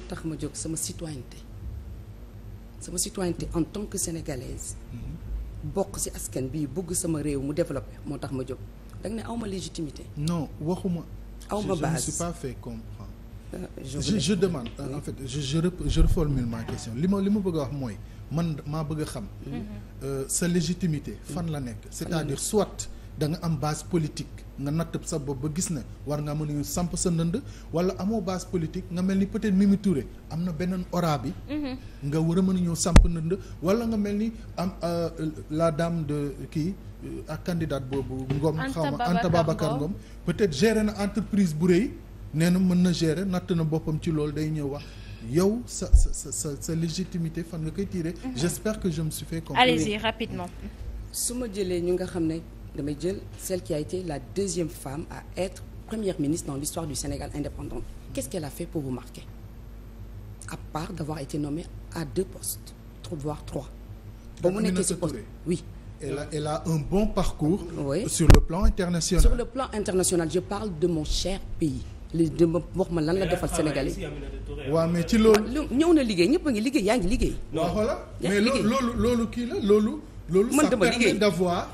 moo tax ma jóg sama citoyenneté sama citoyenneté en tant que sénégalaise mm-hmm. bokk si askan bi bëgg sama réew mu développé moo tax ma jóg da ne awma légitimité non waxuma awma base je ne suis pas fait comprendre euh, je je, demande euh, en fait je je je reformule ma question li ma li ma bëgg a wax mooy man maa bëgg a xam mm-hmm. euh, sa légitimité fan la nekk mm-hmm. c'est-à-dire soit da nga am base politique nga natt sa bopp ba gis ne war nga mën a samp sa ndënd wala amoo base politique nga mel ni peut-être Mimi Touré am na beneen aura bi. Mhm. nga war a mën a ñëw samp ndënd wala nga mel ni am euh, la dame de kii euh, ak candidate boobu. Ngom xaw ma Anta Babacar Ngom peut na entreprise bu rëy nee na mën na gérer natt na boppam ci loolu day ñëw wax. yow sa sa sa sa légitimité fan nga koy tirer. Mhm. j'espère que je me suis fait comprendre. allez-y su ma jëlee ñu nga xam ne damay jël celle qui a été la deuxième femme à être première ministre dans l'histoire du Sénégal indépendant qu'est-ce qu'elle a fait pour vous marquer à part d'avoir été nommée à deux postes voire trois mu nekkee si poste oui elle a, un bon parcours oui. sur le plan international sur le plan international je parle de mon cher pays li de ma wax ma lan la defal sénégalais waaw mais ci loolu ñëw na liggéey ñëpp a ngi liggéey yaa ngi liggéey non ah, voilà mais loolu loolu loolu kii la loolu loolu man dama liggéey d'avoir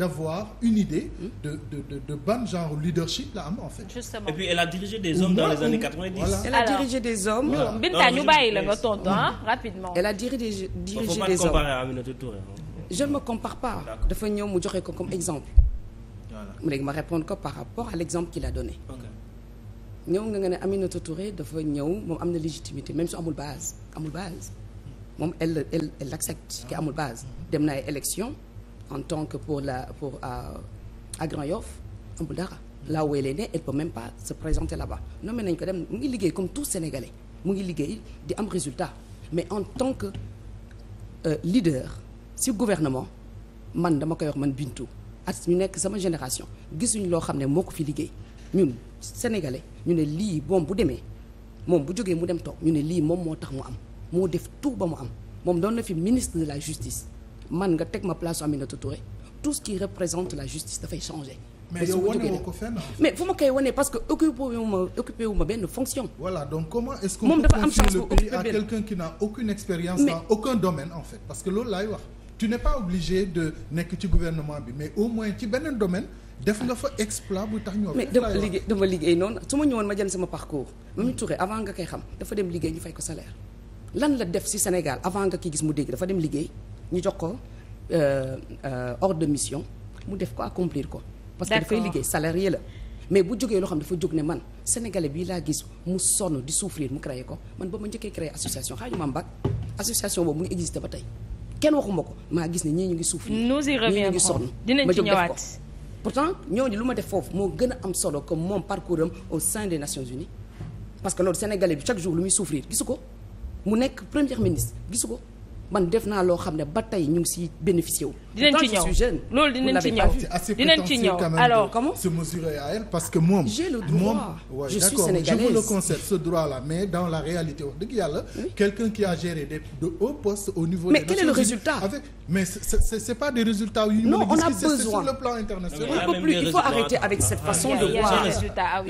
d'avoir une idée hmm. de de de de ban leadership la am en fait. elle a dirigé des hommes dans les années 90. voilà elle a dirigé des hommes. Binta ñu bàyyi la nga tontu ah rapidement. elle a dirigé dirigé des hommes. je ne compare pas. dafa ñëw mu joxe ko comme exemple. voilà mu léegi ma répondre ko par rapport à l'exemple qu'il a donné. ñëw nga nga ne Aminata Touré dafa ñëw moom am na légitimité même su amul base amul base. moom elle elle elle accepte ki amul base dem na ay élection en tant que pour la pour à à Grand Yoff amul dara là où elle est née même pas se présenter là-bas nommé nañ ko dem mu ngi liggéey comme tout Sénégalais mu ngi liggéey di am résultat mais en tant que euh, leader si gouvernement man dama koy wax man Bintu at ñu nekk sama génération gisuñu loo xam ne moo ko fi liggéey ñun Sénégalais ñu ne lii moom bu demee moom bu jógee mu dem toog ñu ne lii moom moo tax mu am moo def tout ba mu am moom doon na fi ministre de la justice man nga teg ma place Aminata Touré tout ce qui représente la justice dafay changer. mais yow wane woo ko fenn mais fu ma koy wane parce que occupé wu ma occupé wu ma benn fonction. voilà donc comment est-ce qu'on peut confier le pays à quelqu'un qui n'a aucune expérience dans aucun domaine en fait parce que loolu laay wax tu n'es pas obligé de nekk ci gouvernement bi mais au moins ci beneen domaine def nga fa exploit bu tax ñoo mais dama liggéey dama liggéey noonu su ma ñëwoon ma jël sama parcours. Mimi Touré avant nga koy xam dafa dem liggéey ñu fay ko salaire. lan la def si Sénégal avant nga ki gis mu dégg dafa dem liggéey ñu jox ko euh, euh, ordre de mission mu def ko accomplir ko. parce que dafay liggéey salarié la. mais bu jógee loo xam dafa jóg ne man sénégalais bii laa gis mu sonn di souffrir mu créé ko man ba ma njëkkee créé association xaaju ma mbag association boobu mu ngi existé ba tey kenn waxuma ko maa gis ne ñii ñu ngi souffrir. ñii ñu ngi sonn ma jóg def ko pourtant ñooñu lu ma def foofu moo gën a am solo que moom parcours au sein des Nations Unies parce que loolu sénégalais bi chaque jour lu muy souffrir gisu ko. mu nekk premier ministre gis ko man def naa loo xam ne ba tey ñu ngi siy bénéficié wu. dinañ ci ñëw loolu dinañ ci ñëw dinañ ci ñëw alors comment se mesurer à parce que moom. j'ai le droit moom je suis sénégalaise je vous le ce droit là mais dans la réalité wax dëgg yàlla. quelqu'un qui a géré des de hauts postes au niveau. mais quel est le résultat avec mais c'est c'est pas des résultats yu non on a besoin il faut arrêter avec cette façon de voir.